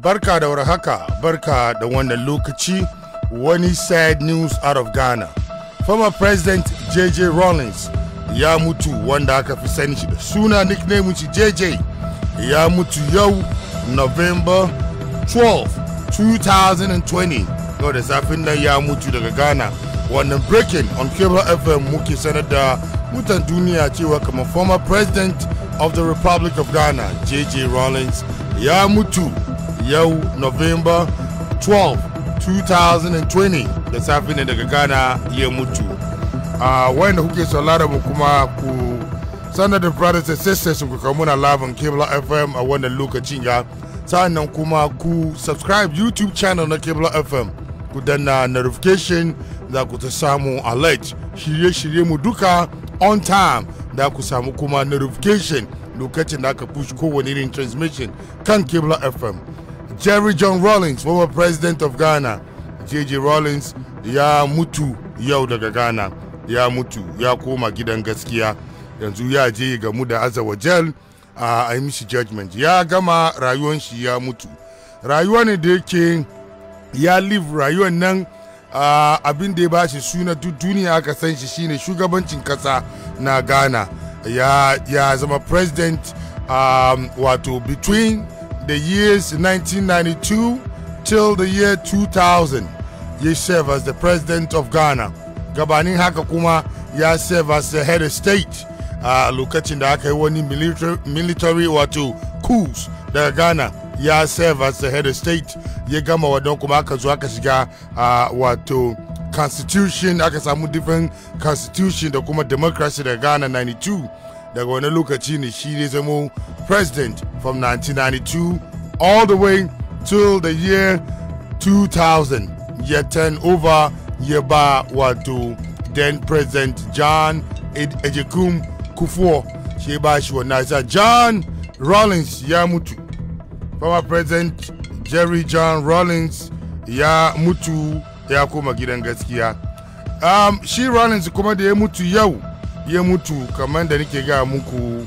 Barka da warhaka, barka da wannan lokaci wani sad news out of Ghana. Former President JJ Rawlings ya mutu wanda aka fi sani shi da suna nickname shi JJ ya mutu yau November 12, 2020. Yau da safin nan ya mutu daga Ghana. Wannan breaking on cable FM muke sanar da mutan duniya cewa kamar former president of the Republic of Ghana JJ Rawlings ya mutu yau november 12 2020 da safi ne daga ghana ya mutu a wanda kuke saurara mu kuma ku sanar da brothers and sisters ku kamu na labin cable fm a wannan lokacin ya sa'annan kuma ku subscribe youtube channel na cable fm ku danna notification za ku ta samu alert shirye-shirye mu duka on time da ku samu kuma notification lokacin da aka push kowane irin transmission kan cable fm Jerry John Rawlings, former president of Ghana. JJ Rawlings ya mutu yau daga Ghana, ya mutu ya koma gidan gaskiya. Yanzu ya je gamu da Azawa a mishi judgment. Ya gama rayuwan shi ya mutu. Rayuwa ne da yake ya live rayuwan nan abin da ya bashi suna duk duniya aka san shi shine shugabancin kasa na Ghana. Ya, zama president um, wato between the years 1992 till the year 2000 ya serve as the president of ghana gabanin haka kuma ya serve as the head of state a lokacin da aka yi wani military wato coups daga ghana ya serve as the head of state ya gama wadon kuma aka zo aka shiga a wato constitution aka samu different constitution da kuma democracy daga ghana 92 daga wani lokaci ne shi ne zamo president from 1992 all the way till the year 2000 ya turn over ya ba wato then president john ejekun kufuwa shi ba shi wannan sa john rawlings ya mutu former president jerry john rawlings ya mutu ya koma gidan gaskiya um, shi rawlings kuma da ya mutu yau ya mutu kamar da nake ga muku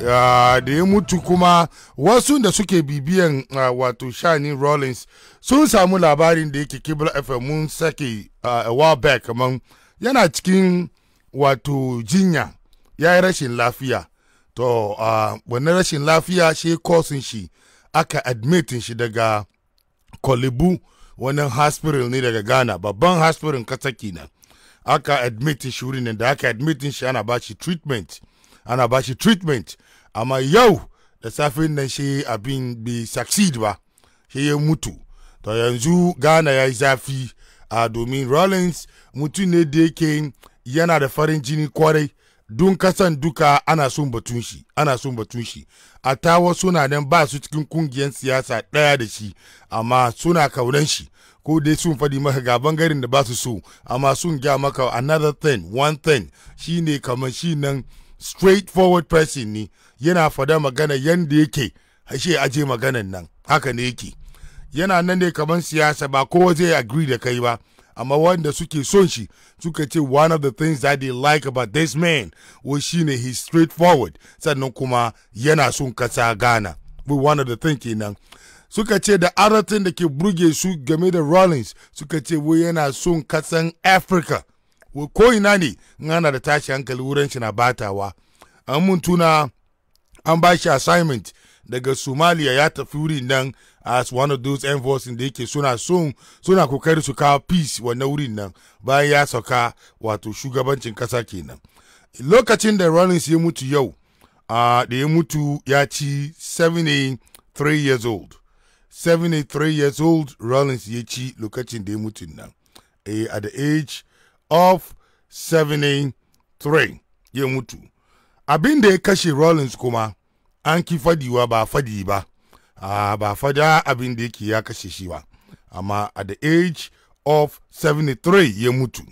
da ya mutu kuma wasu da suke bibiyan wato shani rollins sun samu labarin da yake kibla fm mun sake a while back kamar yana cikin wato jinya ya yi rashin lafiya to wannan rashin lafiya shi kosin shi aka admitin shi daga kolibu wannan hospital ne daga ghana babban hospital kasa kenan aka admit shi wurin da aka admitin shi ana ba shi treatment ana ba shi treatment amma yau da safin nan shi abin bai succeed ba shi ya mutu to yanzu gana ya yi zafi a domin rollins mutum ne da yake yana da farin jini kwarai dun kasan duka ana son batun shi ana son batun shi a tawa suna nan ba su cikin kungiyar siyasa ɗaya da shi amma suna kaunan shi ko dai sun faɗi maka ga bangaren da ba su so amma sun gya maka another thing one thing shine kamar shi nan straightforward person ne yana fada magana yanda yake ashe aje maganan nan haka ne yake yana nan ne kamar siyasa ba kowa zai agree da kai ba amma wanda suke son shi suka ce one of the things that they like about this man was shine he's straightforward sannan kuma yana sun kasa gana but one of the thing kenan suka ce da aratin da ke burge su game da Rawlings suka ce wai yana son kasan Africa ko ina ne ana da tashi hankali wurin shi na batawa an mun tuna an ba shi assignment daga Somalia ya tafi wurin nan as one of those envoys da yake suna son suna kokari su kawo peace wannan wurin nan bayan ya sauka wato shugabancin kasa kenan lokacin da Rawlings ya mutu yau ah, da ya mutu ya ci 73 years old 73 years old Rollins ya ci lokacin da ya mutu nan. Eh, at the age of 73 ya mutu. Abin da ya kashe Rollins kuma an ki fadiwa ba fadi ba. aa ba fada abin da yake ya kashe shi ba. Amma at the age of 73 ya mutu.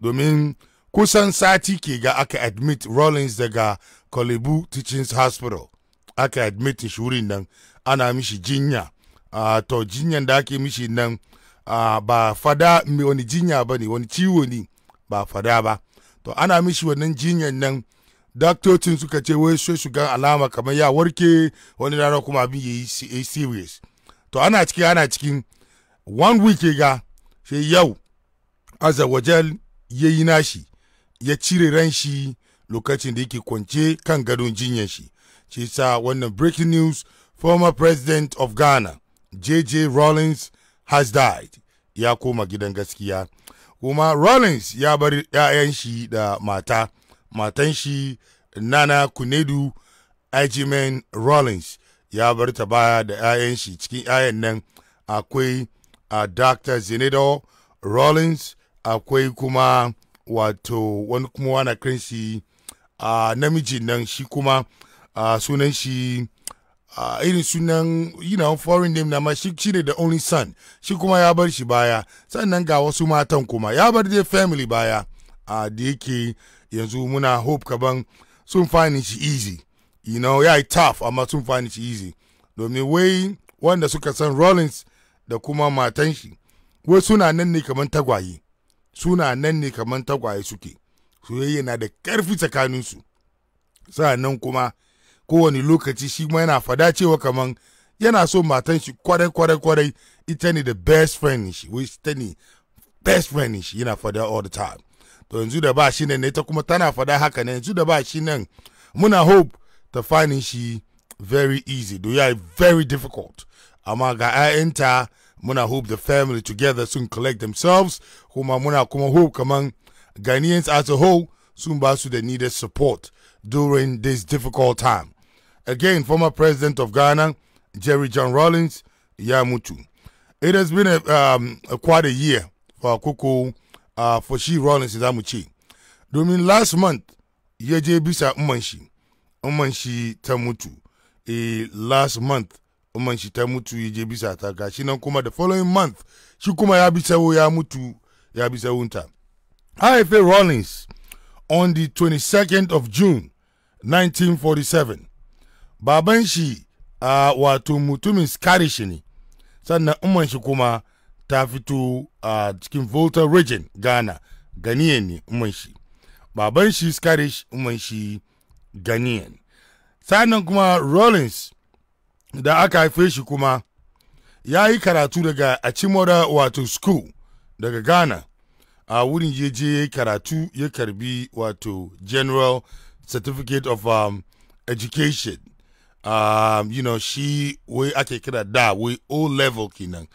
Domin kusan sati ke ga aka admit Rollins daga Kolebu Teachings Hospital. Aka admit shi wurin nan ana mishi jinya. a to jinyan da ake mishi nan ba fada mai wani jinya ba ne wani ciwo ne ba fada ba to ana mishi wannan jinyan nan daktocin suka ce wai sai su gan alama kamar ya warke wani rana kuma abin ya yi serious to ana cikin ana cikin one week ga sai yau azawajal ya yi nashi ya cire ran shi lokacin da yake kwance kan gadon jinyar shi shi sa wannan breaking news former president of ghana J.J. Rawlings has died ya koma gidan gaskiya. Kuma Rawlings ya bar ‘ya'yan shi da mata, matan shi Nana Kunedu Ajimen Rawlings ya bar ta baya da ‘ya'yan shi cikin ‘ya'yan nan akwai a Dr. Zenedo Rawlings akwai kuma wato wani kuma wana kiran a namijin nan shi kuma sunan shi uh, irin sunan you know, foreign name na ma shi ne da only son shi kuma ya bar shi baya sannan ga wasu matan kuma ya bar dai family baya uh, da yake yanzu muna hope kaban sun fani shi easy you know ya yi tough amma sun fani shi easy domin wai wanda suka san rollins da kuma matan shi wai suna nan ne kaman tagwaye suna nan ne kaman tagwaye suke soyayya na da karfi tsakaninsu sa'annan kuma kowane lokaci shi kuma yana fada cewa kaman yana so matan shi kwarai kwarai kwarai ita ne the best friend shi ita ne best friend shi yana fada all the time to yanzu da ba shi nan ita kuma tana fada haka ne yanzu da ba shi nan muna hope ta fani shi very easy do ya very difficult amma ga 'ya'yanta muna hope the family together sun collect themselves kuma muna kuma hope kaman Ghanaians as a whole ba su da needed support during this difficult time Again, former president of Ghana, Jerry John Rawlings, Yamutu. It has been a, um, a quite a year for Akuku, uh, for she Rawlings Yamuchi. Domin last month, Yeje Bisa Umanshi, Umanshi Tamutu. A e, last month, Umanshi Tamutu Yeje Bisa Ataka. She kuma the following month, shi kuma Yabisa Yamutu Yabisa Unta. IFA Rawlings on the 22nd of June, 1947. baban shi a wato mutumin Scarish ne sannan umar shi kuma ta fito a cikin Volta region Ghana ganiyan ne umman shi baban shi Scarish umman shi ganiyan sannan kuma Rollins da aka haife shi kuma ya yi karatu daga a cimora wato school daga Ghana a wurin ya je karatu ya karbi wato General Certificate of um, Education um, you know, she we ake kira da we O level kenan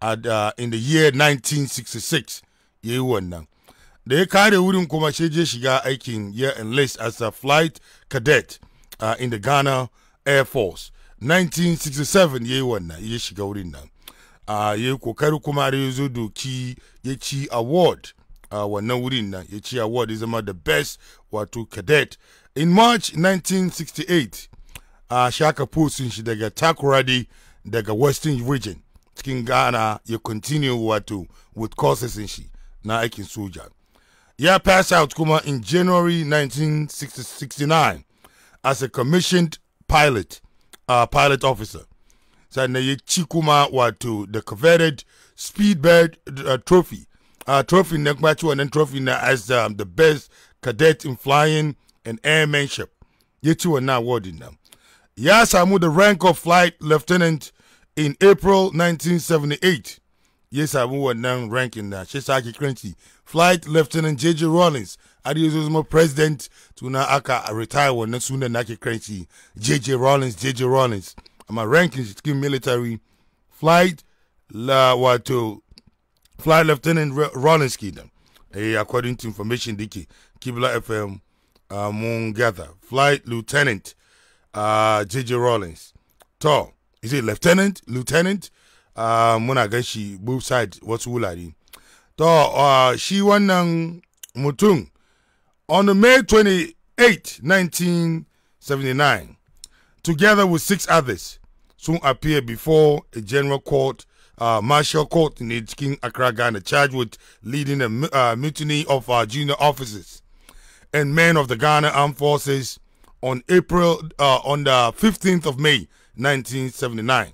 at uh, in the year 1966 yayi wannan. Da ya kare wurin kuma shi je shiga aikin ya enlist as a flight cadet uh, in the Ghana Air Force. 1967 yayi wannan ya shiga wurin nan. Uh, ya yi kokari kuma har ya zo doki ya ci award uh, wannan wurin nan ya ci award ya zama the best wato cadet in march 1968 a shaka fosin shi daga takuradi daga western region cikin ghana ya continue wato with courses shi na aikin soja ya pass out kuma in january 1969 as a commissioned pilot uh, pilot officer sannan ya ci kuma wato the coveted speedbird uh, trophy uh, trophy na kuma ci wannan trophy na as um, the best cadet in flying and airmanship ya ci wannan award nan ya samu da rank of flight lieutenant in april 1978 ya samu wannan rankin na shi sake kiranci flight lieutenant jj rawlins har yanzu zama president tuna aka retire wannan sunan na ke kiranci jj rollins jj rollins amma rankin shi cikin military flight la wato flight lieutenant rawlins kenan eh according to information dike kibla fm uh, ah, mun gather flight lieutenant Uh, JJ Rawlings. To, is it lieutenant, lieutenant? Uh, muna gan shi side wasu wulare. To, uh, shi wannan mutum on May 28, 1979, together with six others, soon appear before a general court, uh, martial court in King Accra, Ghana, charged with leading a uh, mutiny of our uh, junior officers and men of the Ghana Armed Forces on April uh, on the 15th of May 1979.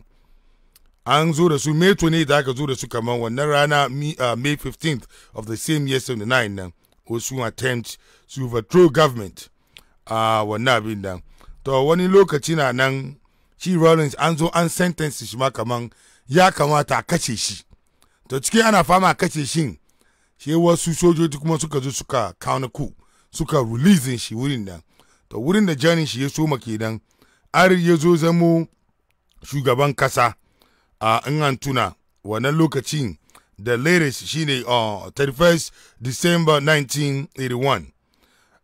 An zo da su May 28 aka zo da su kamar wannan rana uh, May 15th of the same year 79 nan wasu attempt su overthrow government a ah, wannan abin nan. To wani lokaci na nan shi Rawlings an zo an sentence shi ma kaman ya kamata a kace shi. To cikin ana fama a kace shi shi wasu sojoji kuma suka zo suka na ku suka releasing shi wurin nan. to wurin da jani shi ya soma kenan ar ya zo zamo shugaban kasa a in an tuna wannan lokacin da latest shine uh, 31st december 1981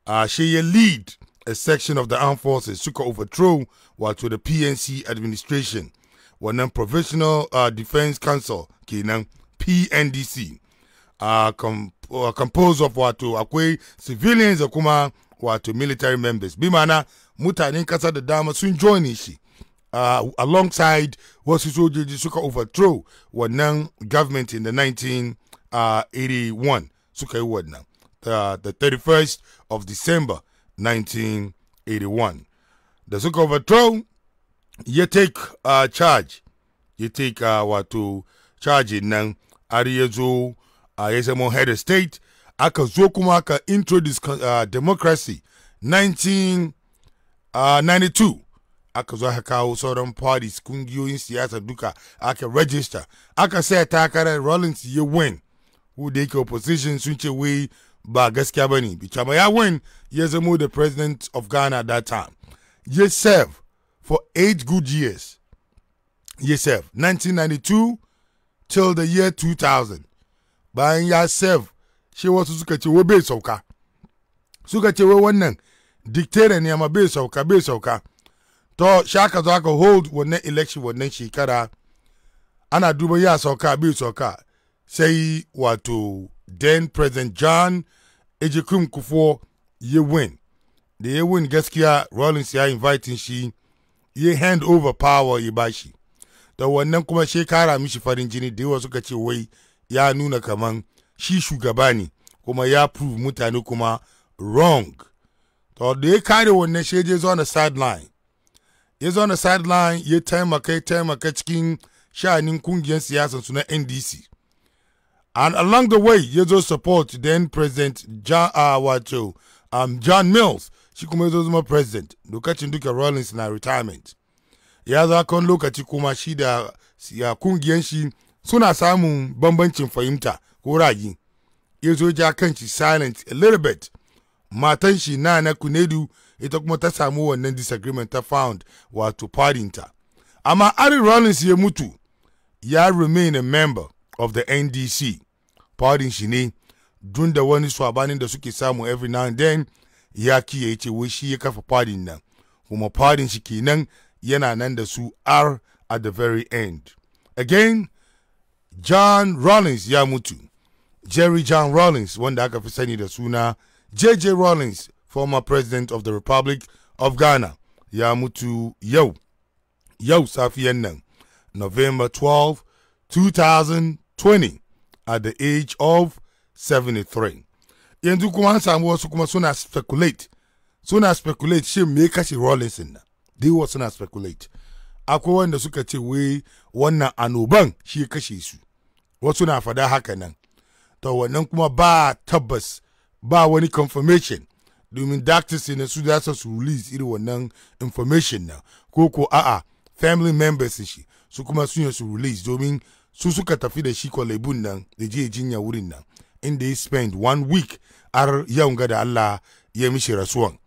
uh, she ya lead a section of the armed forces suka overthrow wato the pnc administration wannan provisional uh, defense council kenan pndc uh, com uh, composed of wato akwai civilians da kuma wato military members bi mana mutanen ƙasa da dama sun join shi uh, alongside wasu sojoji suka overthrow wannan government in the 1981 suka yi wannan uh, the 31st of december 1981 da suka overthrow ya take uh, charge ya take uh, wato charge nan har ya zo uh, ya zama head of state aka zo kuma aka introduce uh, democracy 1992 uh, aka zo aka kawo sauran parties kungiyoyin siyasa duka aka register aka sai takarar rollins ye win who da opposition sun ce wai ba gaskiya ba bichama ya win ya the president of ghana at that time Ye serve for eight good years Ye serve 1992 till the year 2000 bayan ya serve shi wasu suka ce wa bai sauka suka ce wai wannan diktera ne amma bai sauka bai sauka to shaka za ka hold wannan election wannan shekara ana duba ya sauka bai sauka sai wato then president john ejikun kufo ya win da ya win gaskiya rollins ya invite shi ya hand over power ya bashi da wannan kuma shekara mishi farin jini da yawa suka ce wai ya nuna kaman shi shugaba ne kuma ya prove mutane kuma wrong to da ya kare wannan sheje zo na sideline ya zo na sideline ya taimaka ya taimaka cikin sha'anin kungiyar siyasa su na ndc and along the way ya zo support then president john uh, wato um, john mills shi kuma ya zo zama president lokacin duka rollins na retirement ya za kan lokaci kuma shi da kungiyar shi suna samun bambancin fahimta koraji ya zo ja kanci silent a little bit matan shi na na kunedu ita kuma ta samu wannan disagreement ta found wato ta amma ari rollins ya mutu ya remain a member of the ndc partin shi ne dun da wani swabanin da suke samu every now and then ya kiyaye ce wai shi ya kafa partin nan kuma partin shi kenan yana nan da su r at the very end again john rollins ya mutu Jerry John Rawlings wanda aka fi sani da suna JJ Rawlings former president of the Republic of Ghana ya mutu yau yau safiyan nan November 12 2020 at the age of 73 yanzu kuma an samu wasu kuma suna speculate suna speculate shi me kashe Rawlings nan wasu suna speculate akwai wanda suka ce wai wannan anoban shi kashe su wasu na fada haka nan to wannan kuma ba tabbas ba wani confirmation domin doctors ne su za su release irin wannan information nan ko ko a'a family members shi su kuma sun su release domin su suka tafi da shi kwalebun nan da je jinya wurin nan inda ya spend one week ar yau ga da Allah ya mishi rasuwan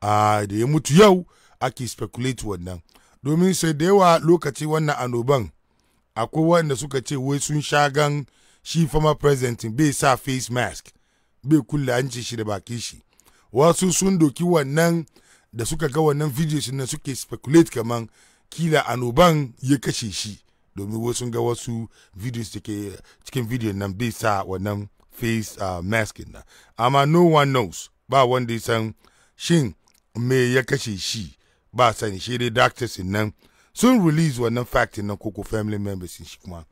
da ya mutu yau ake speculate wannan domin sai da yawa lokaci wannan annoban akwai wanda suka ce wai sun sha gan shi fama president bai sa face mask bai kulle an shi da baki shi wasu sun doki wannan da suka ga wannan videos na suke speculate kaman kila anoban ya kashe shi domin wasu ga wasu videos take cikin video nan bai sa wannan face uh, mask na amma no one knows ba wanda ya san shin me ya kashe shi ba sani shi dai doctors nan sun release wannan fact nan koko family members shi kuma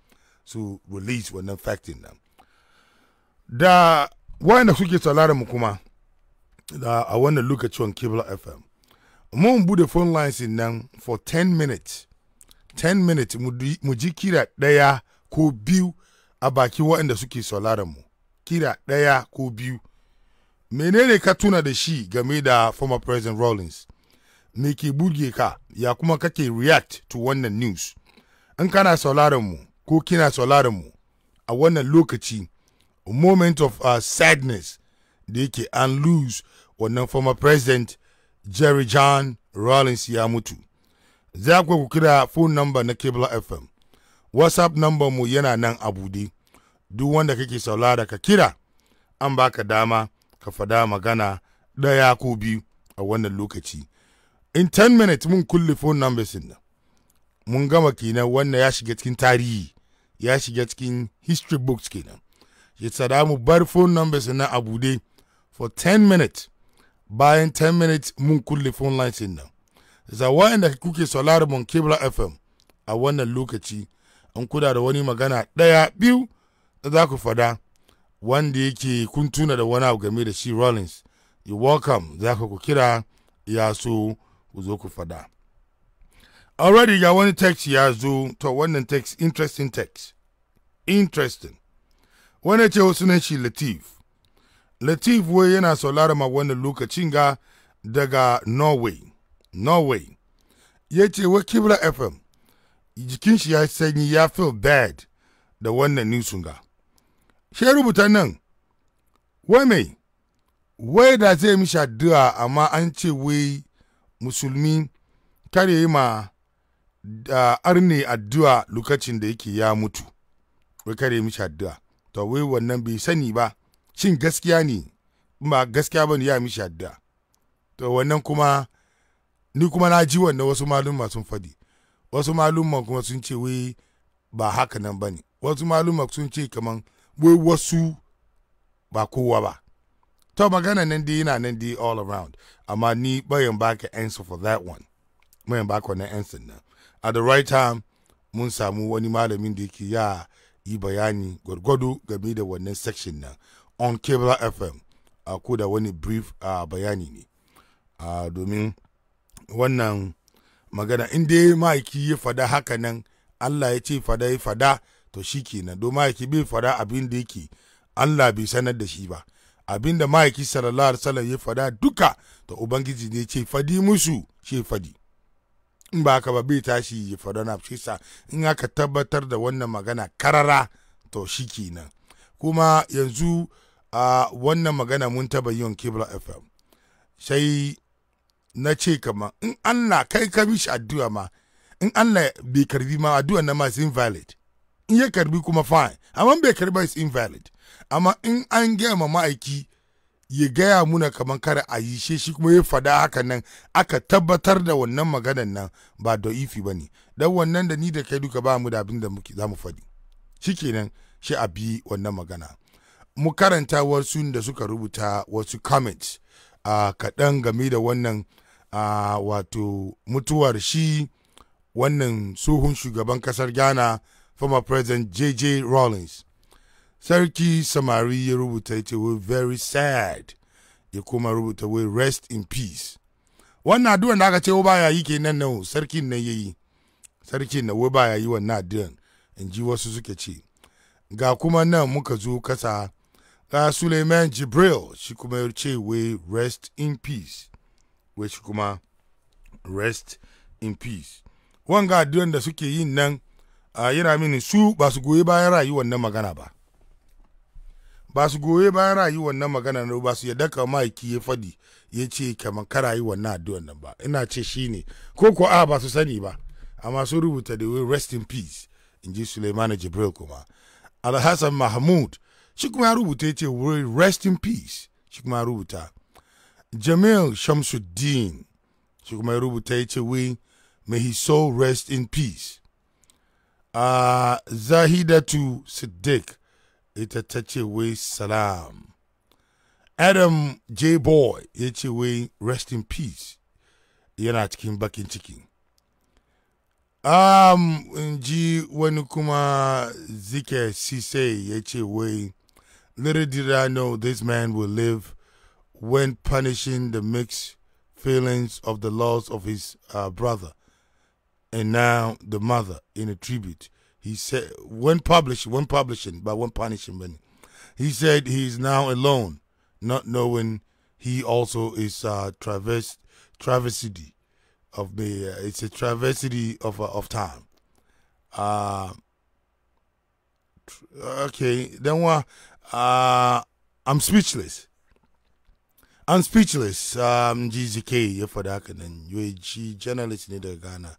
su release wannan factin nan da wayanda suke sauraron mu kuma da a wannan lokacin cable fm mun bude phone lines nan for 10 minutes 10 minutes mu ji kira daya ko biyu a baki waɗanda suke sauraron mu kira daya ko biyu menene ka tuna da shi game da former president rawlings me ke buge ka ya kuma kake react to wannan news in kana sauraron mu ko kina sauraron mu a wannan lokaci a moment of uh, sadness da yake an lose wannan former president jerry john rawlings ya mutu za ku ku kira phone number na cable fm whatsapp number mu yana nan a bude duk wanda kake saulara ka kira an baka dama ka fada magana ɗaya ko biyu a wannan lokaci in 10 minutes mun kulle phone numbers din mun gama kenan wannan ya shiga cikin tarihi ya shiga cikin history books kenan ya tsada mu bar phone numbers na a bude for 10 minutes bayan 10 minutes mun kulle phone lines nan za da kuke solar mun kibla fm a wannan lokaci an kuda da wani magana ɗaya biyu da za ku fada wanda yake kun tuna da wani abu game da shi rollins you welcome za ku kira ya so ku zo ku fada already ga wani text ya zo to wannan text interesting text interesting wani ce sunan shi latif latif wai yana saurara ma wannan lokacin ga daga norway norway ya ce wa kibla fm jikin shi ya sanyi ya feel bad da wannan nisun ga shi rubuta nan wai mai wai da zai mishi addu'a amma an ce wai musulmi kare ma da arne addu'a lokacin da yake ya mutu wai kare mishi addu'a to wai wannan bai sani ba shin gaskiya ne ba gaskiya ba ne ya mishi addu'a to wannan kuma ni kuma na ji wannan wasu malumma sun fadi wasu malumma kuma sun ce wai ba haka nan ba ne wasu malumma sun ce kaman wai wasu ba kowa ba to magana nan dai yana nan dai all around amma ni bayan baka answer for that one bayan baka wannan answer nan a the right time mun samu wani malamin da yake ya yi bayani gwargwado game da wannan section nan on cable fm a ko da wani brief a bayani ne a domin wannan magana in dai ma'aiki ya fada haka nan allah ya ce fada ya fada to shi kenan don ma'aiki bai fada abin da yake allah bai sanar da shi ba abinda da ma'aiki sallallahu alaihi wasallam ya fada duka to ubangiji ne ce fadi musu shi fadi in ba haka ba bai tashi yi faɗa na in aka tabbatar da wannan magana karara to shi kenan kuma yanzu a wannan magana mun taba yin kibla fm sai na ce kama in allah kai ka bi shi addu'a ma in allah bai karbi ma addu'a na masu invalid in ya karbi kuma fine amma bai karbi is invalid amma in an gama ma ma'aiki ya gaya muna kamar kare a yi shi kuma ya fada haka nan aka tabbatar da wannan maganan nan ba da ifi ba ne don wannan da ni da kai duka ba mu da abin da za mu faɗi kenan shi a bi wannan magana mu karanta wasu da suka rubuta wasu comment a kaɗan game da wannan wato mutuwar shi wannan tsohon shugaban kasar ghana former president jj rawlings sarki samari ya rubuta ya ce we very sad ya kuma rubuta we rest in peace wannan addu'ar da aka ce wa baya yi kenan nan sarkin nan yayi sarkin na wai baya yi wannan addu'ar in ji wasu suke ce ga kuma nan muka zo kasa ga Suleiman Jibril shi kuma ya ce we rest in peace wai shi kuma rest in peace wanga addu'ar da suke yin nan yana mini su ba su goyi bayan rayuwar nan magana ba ba su goye bayan rayuwar nan magana na ba su yadda ka ma'aiki ya fadi ya ce kamar ka rayuwar na addu'ar nan ba ina ce shi ne ko ko a ba su sani ba amma sun rubuta da way rest in peace in ji suleimani Jibril kuma Alhassan Mahmud shi kuma ya rubuta ya ce way rest in peace shi kuma ya rubuta Jamil Shamsuddin shi kuma ya rubuta ya ce way may his soul rest in peace uh, Zahidatu Siddiq ita ta ce wai salam adam j boy ya ce wai rest in peace yana cikin bakin ciki um, in ji wani kuma zike sise ya ce wai little did i know this man will live when punishing the mixed feelings of the loss of his uh, brother and now the mother in a tribute he said, when published, when publishing, but when punishing, he said he is now alone, not knowing he also is uh, travest, travesty of the, uh, it's a travesty of, uh, of time. Uh, okay, then what? Uh, I'm speechless. I'm speechless. Um, GZK, for that, and then UAG journalist in Ghana.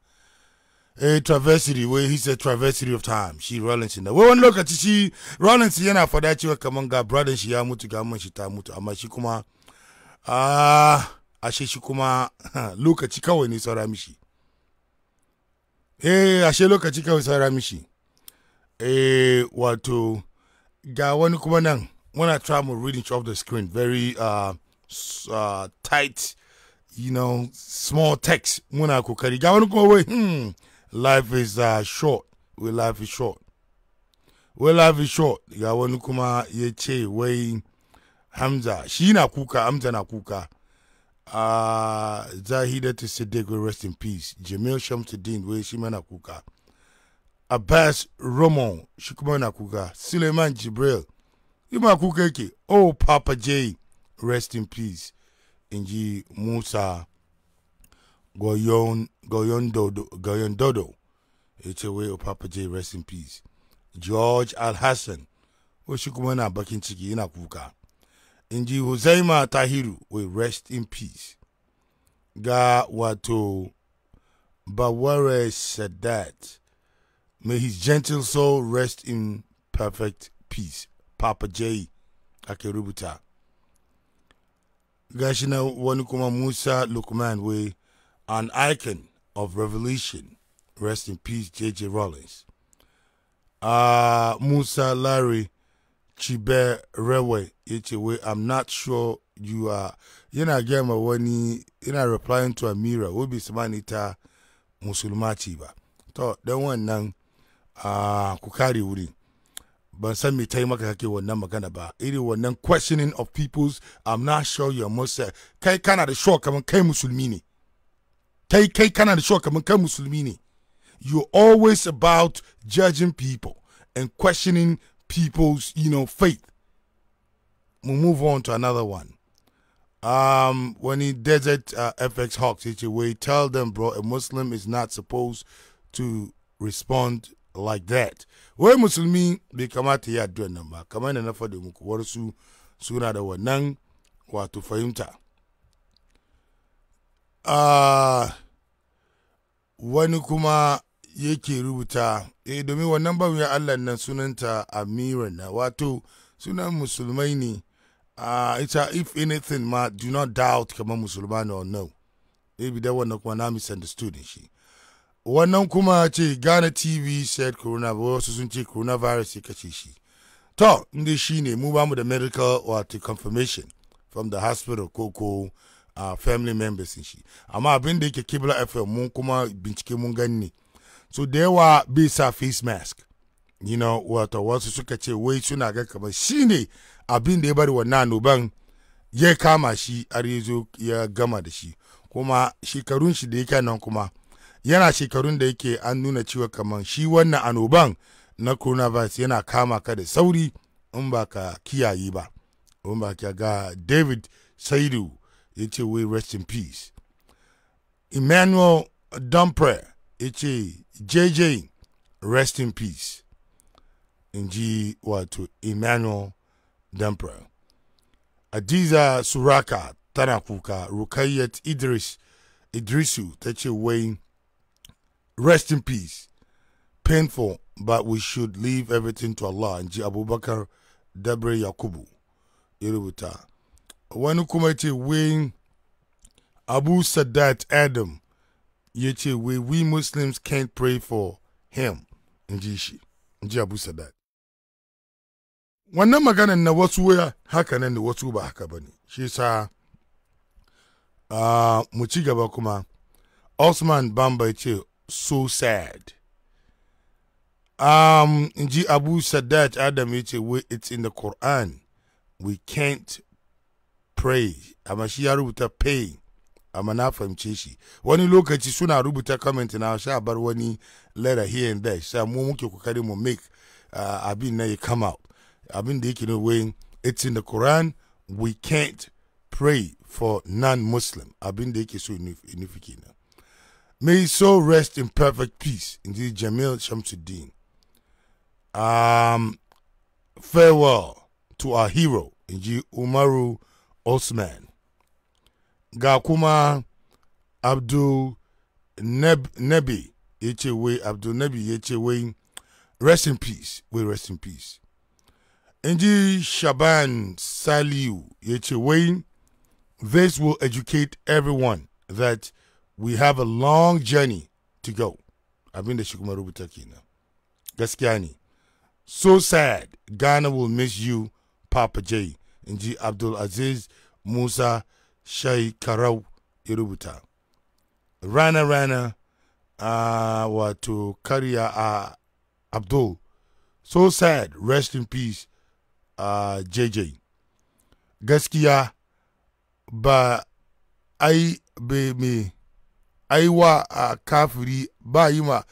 a traversary wai he said traversary of time shi Rollins na wai wani lokaci shi Rollins yana fada cewa kaman ga brother shi ya mutu ga mun shi ta mutu amma shi kuma ah ashe shi kuma lokaci kawai ne saura mishi eh ashe lokaci kawai saura mishi eh wato ga wani kuma nan muna try mu reading off the screen very uh, uh tight you know small text muna kokari ga wani kuma wai hmm life is uh, short wai life is short wai life is short ga wani kuma ya ce wai hamza shi na kuka hamza na kuka uh, zahidatu siddiq will rest in peace jamil shamsuddin wai shi mana kuka abbas roman shi kuma na kuka suleiman jibril yi ma kuka yake oh papa j rest in peace in ji musa goyon dodo ya ce way papa j rest in peace george alhassan shi kuma na bakin ciki yana kuka inji ji huzaima tahiru way rest in peace ga wato baware sadat may his gentle soul rest in perfect peace papa j ake rubuta gashi na wani kuma musa lukman we. an icon of revolution. Rest in peace, J.J. Rollins. Uh, Musa Larry Chibe Rewe Ichiwe, I'm not sure you are. Yana gama wani, yana replying to Amira, will be samanita Musulma Chiba. To, dan wannan uh, ku wuri. Ban san me tai maka kake wannan magana ba. Iri wannan questioning of peoples, I'm not sure you're Musa. Eh, kai kana da sure kamar kai musulmi ne. Take kana da shuwa kamar kai you're always about judging people and questioning people's you know faith we will move on to another one um when he desert uh, fx hawks it's your way tell them bro a muslim is not supposed to respond like that wai musulmi bai kamata ya addu'an come ba and na the mukwarsu muku wasu suna da wannan wato fahimta Ah, wani kuma yake rubuta eh domin wannan ya allah nan sunanta amira na wato sunan musulmai ne ah, ita if anything ma do not doubt kamar musulma ne or no eh da wannan kuma na misunderstood shi wannan kuma ce ghana tv said coronavirus wasu sun ce coronavirus ya kace shi to inda shi ne mu bamu da medical wato confirmation from the hospital koko. a family members shi amma abin da yake kibla fm mun kuma bincike mun ganni so da yawa bai sa face mask you know wato wasu suka ce wai suna ga kamar shine abin da ya bari wannan annoban ya kama shi har ya zo ya gama da shi kuma shekarun shi da yake nan kuma yana shekarun da yake an nuna cewa kamar shi wannan annoban na coronavirus yana kama ka da sauri in ba ka kiyaye ba in ba ka ga david saidu yace we rest in peace emmanuel dumpre yace jj rest in peace in ji to emmanuel dumpre adiza suraka Tanakuka Rukayet idris idrisu ta ce rest in peace painful but we should leave everything to allah in ji abubakar Debre yakubu Irubuta. wani kuma ce wai abu sadat adam ya ce wai we muslims can't pray for him in ji shi in ji abu sadat wannan maganan na wasu haka nan da wasu ba haka ba ne shi sa mu ci gaba kuma osman bamba ya ce so sad um, in ji abu sadat adam ya ce wai it's in the quran we can't pray amma shi ya rubuta pay amma na fahimce shi wani lokaci suna rubuta comment na sha bar wani letter here and there sha mu muke kokari mu make uh, abin na ya come out abin da yake when it's in the Quran we can't pray for non-Muslim abin da yake so nufi kenan may his soul rest in perfect peace indeed Jamil Shamsuddin um farewell to our hero inji Umaru Osman ga kuma Abdul Neb Nebi ya wai Abdul Nebi ya wai rest in peace wai rest in peace Inji Shaban Saliu ya wai this will educate everyone that we have a long journey to go abin da shi kuma rubuta kenan gaskiya ne so sad Ghana will miss you Papa J in ji aziz musa shaikarau ya rubuta rana-rana a wato karya a uh, abdul so sad rest in peace a uh, jj gaskiya ba ai be me ai wa a kafiri ba yi ma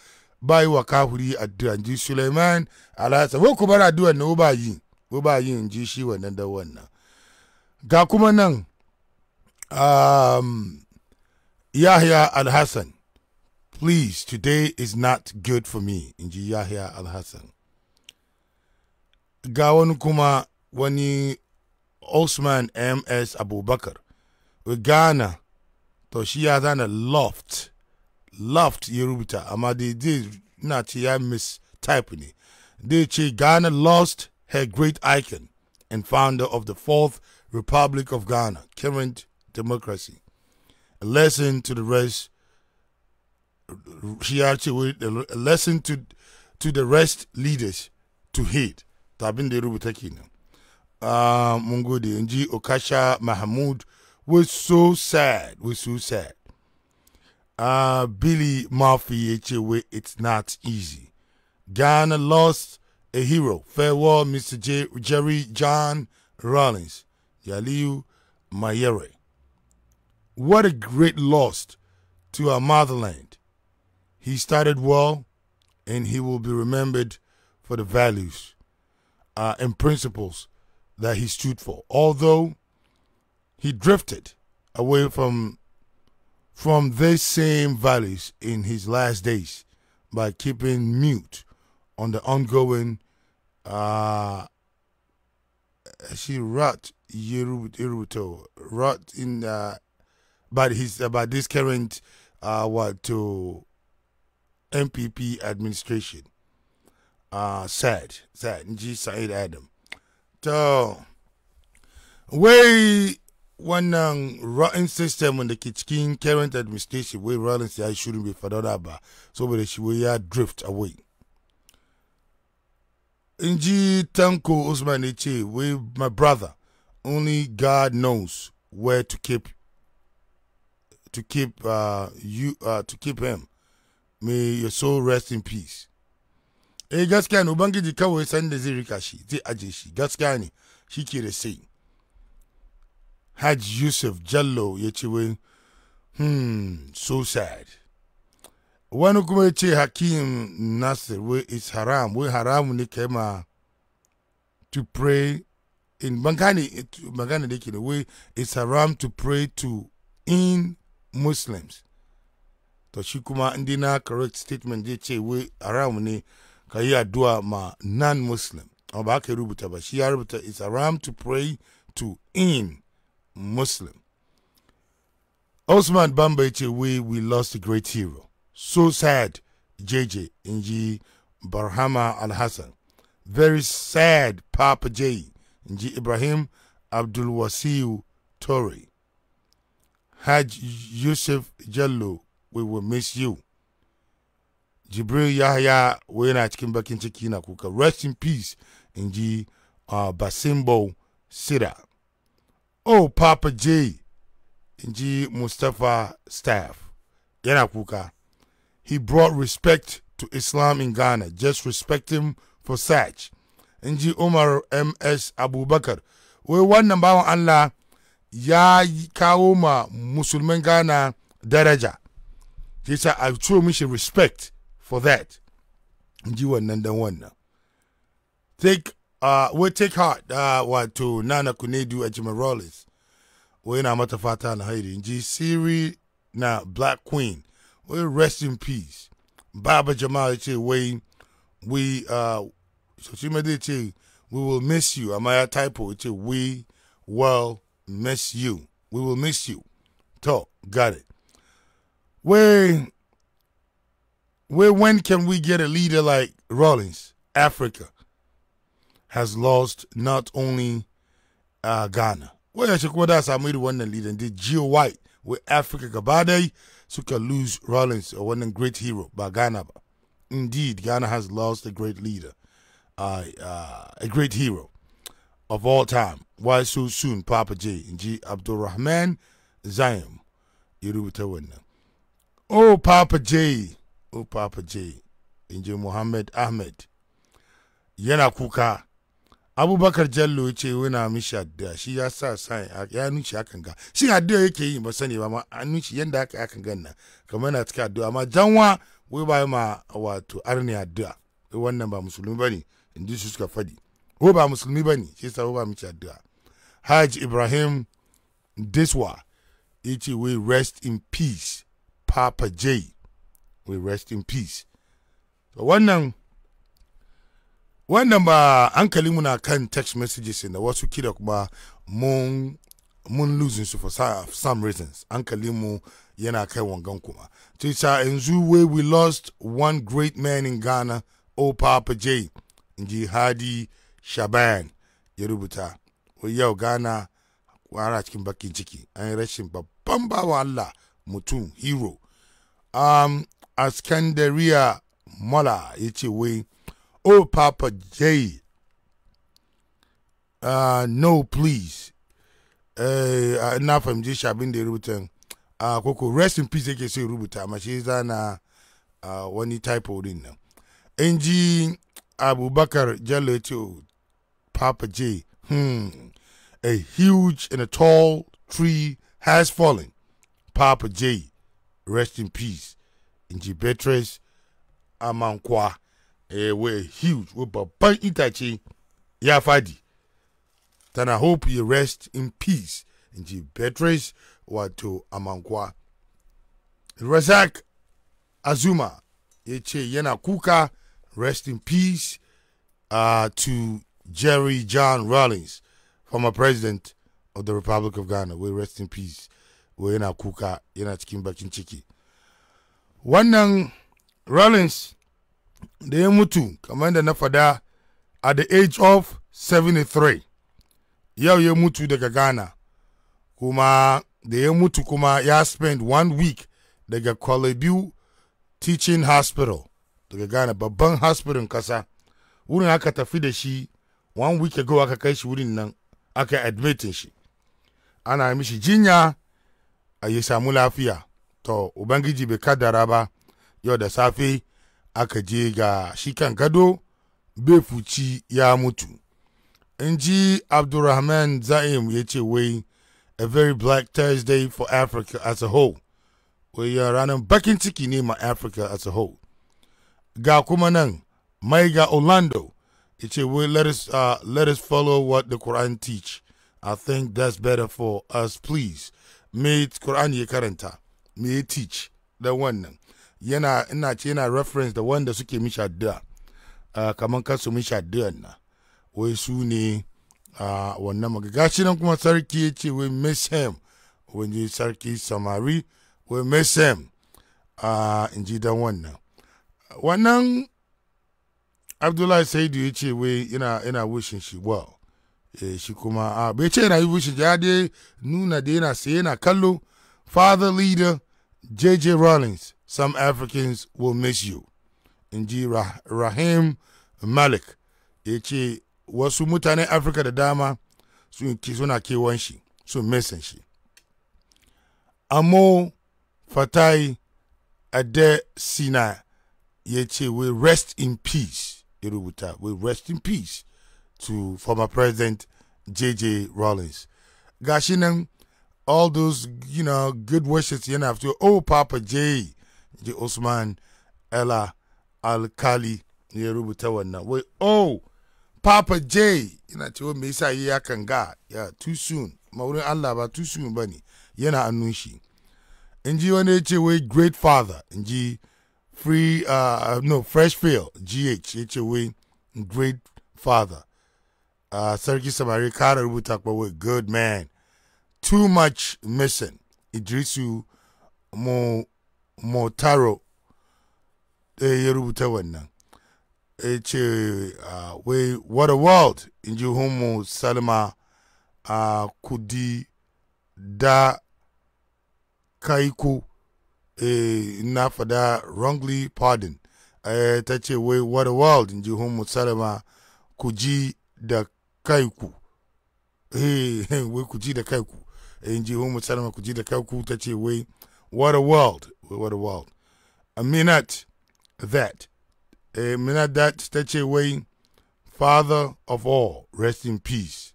ba yi wa kafiri a suleiman alasa. ko kuma addu'a ne ba yi ko ba yin ji shi wannan da wannan ga kuma nan um, yahya alhassan please today is not good for me in ji yahya alhassan ga wani kuma wani osman ms abubakar ghana to shi ya zana loft loft ya rubuta amma dai na ce ya mistype ne dai ce ghana lost her great icon and founder of the Fourth Republic of Ghana, current democracy. A lesson to the rest. She actually a lesson to to the rest leaders to heed. Tabin de Rubutakina. Uh, Mungudi Nji Okasha Mahmoud was so sad. Was so sad. Uh, Billy Murphy, it's not easy. Ghana lost a hero. Farewell, Mr. J- Jerry John Rollins, Yaliu Mayere. What a great loss to our motherland. He started well, and he will be remembered for the values uh, and principles that he stood for. Although he drifted away from from these same values in his last days by keeping mute on the ongoing uh, she rot Yeruto rot in uh, about his about this current uh, what to MPP administration uh, said said G Said Adam to wai one um, rotten system on the kitchen current administration wai Rollins i shouldn't be fadada ba so shi she ya drift away in ji tanko usman ya ce we my brother only god knows where to keep to keep uh, you uh, to keep him may your soul rest in peace eh gaskiya ne ubangiji kawai san da zai rika shi zai aje shi gaskiya ne shi ke da sai hajj yusuf jallo ya ce wai hmm so sad wani kuma ya ce hakim nasir wai is haram wai haramu ne kai ma to pray in bangane magana da yake da wai is haram to pray to in muslims to shi kuma ndi na correct statement zai ce wai haram ne ka yi addu'a ma non-muslim amma ba haka rubuta ba shi ya rubuta is haram to pray to in muslim osman bamba ya ce we we lost a great hero so sad jeje in ji barhama alhassan very sad papa j in ji ibrahim abdulwasiu tore hajj yusuf jallo we will miss you jibril yahaya yana cikin bakin ciki na kuka rest in peace in ji uh, basimbo sira oh papa j in ji mustapha staff yana kuka he brought respect to Islam in Ghana. Just respect him for such. Inji Umar MS Abubakar. Wai number one Allah ya kawo Muslim Ghana daraja. Shi sa a ciro mishi respect for that. Inji wannan dan one. Take uh, we take heart uh, to Nana Kunedu Ejimorales. We na mata fata haidin. Inji Siri na Black Queen well, rest in peace. Baba Jamal ce we uh so shi we will miss you amma ya typo ce we will miss you we will miss you Talk. got it where where when can we get a leader like Rawlings Africa has lost not only uh, Ghana where ya shi ko da samu one wannan leader did Geo White with Africa gaba dai suka lose Rollins a wannan great hero ba Ghana ba. Indeed, Ghana has lost a great leader, uh, uh, a great hero of all time. Why so soon, Papa J? In Abdulrahman Zayam. Ya rubuta wannan. Oh, Papa J. Oh, Papa J. In Muhammad Ahmed. Yana kuka. abubakar jallo ce wuna mishi addu'a shi ya sa sa ya nuci hakan ga shi addu'a yake yi ba sani ba ma an nuci yanda haka hakan gan nan kamar yana cikin addu'a amma janwa wai ba ma wato arni addu'a wannan ba musulmi bane in ji su suka fadi ko ba musulmi ba ne shi yasa ba mishi addu'a Haji Ibrahim Diswa yace we rest in peace Papa J we rest in peace wannan wannan ba hankali muna kan text messages da wasu kira kuma mun mun losing su for some reasons hankali mu yana kai wangan kuma tisa yanzu we we lost one great man in Ghana o Papa J inji Hadi Shaban ya rubuta yau Ghana kwara cikin bakin ciki an yi rashin babban bawa Allah mutum hero um Askandariya Mola ya ce wai Oh, Papa J. Uh, no, please. Uh, na fahimci shi abin da ya rubuta uh, koko uh, rest in peace yake so rubuta amma shi zana uh, uh wani typo din nan. Abubakar Jallo Papa J. Hmm. A huge and a tall tree has fallen. Papa J. Rest in peace. In ji Beatrice Amankwa. eh were huge wai babban itace ya fadi tana hope you rest in peace in ji beatrice wato amankwa razak azuma ya ce yana kuka rest in peace uh, to jerry john rawlings former president of the republic of ghana we rest in peace wai yana kuka yana cikin bakin ciki wannan rawlings da ya mutu kamar da na fada at the age of 73 yau ya mutu daga ghana kuma da ya mutu kuma ya spend one week daga kwalabiu teaching hospital daga ghana babban hospital kasa wurin aka tafi da shi one week ago aka kai shi wurin nan aka admitin shi ana mishi jinya a yi samu lafiya to ubangiji bai kadara ba yau da safe aka je ga shi kan gado fuci ya mutu in ji abdulrahman za'im ya ce wai a very black thursday for africa as a whole wai ranar bakin ciki ne ma africa as a whole ga kuma nan mai ga orlando ya ce wai let us, uh, let us follow what the quran teach i think that's better for us please me quran ya karanta me ya teach da wannan yana ina ce yana reference da wanda suke mishi addu'a uh, ah, kamar su mishi addu'an na wai su ne uh, wannan maga gashi nan kuma sarki ya ce wai miss him wani sarki samari wai miss him uh, in ji dan wannan wannan abdullahi saidu ya ce wai yana yana wishing shi well eh, shi kuma a bai ce yana yi wishing ya dai nuna da yana sai yana kallo father leader jj rawlings Some Africans will miss you. In ji Rahim Malik ya ce wasu mutanen Afirka da dama suna kewan shi, su mesan shi. Amo Fatai Ade Sina ya ce we rest in peace ya rubuta we rest in peace to former president JJ Rawlings. Gashi nan all those you know good wishes yana fito oh Papa J ji usman ella alkali ya rubuta wannan wai oh papa j yana cewa mai sa yi yakan ga ya too soon maurin allah ba too soon ba ne yana annun shi in ji wani ya ce wai great father in ji free uh, no fresh field gh ya ce wai great father uh, sarki samari kara rubuta kuma wai good man too much missing idrisu mu motaro ɗaya eh, ya rubuta wannan ya ce ah, wai what a world in ji homo salma a ah, kudi da kaiku eh, na fada wrongly pardon eh, ta ce wai what a world in ji homo salma kuji da kaiku wai kuji da kaiku in ji homo salma kuji da kaiku ta ce wai what a world what a world. Aminat that. Aminat that stretch away, father of all, rest in peace.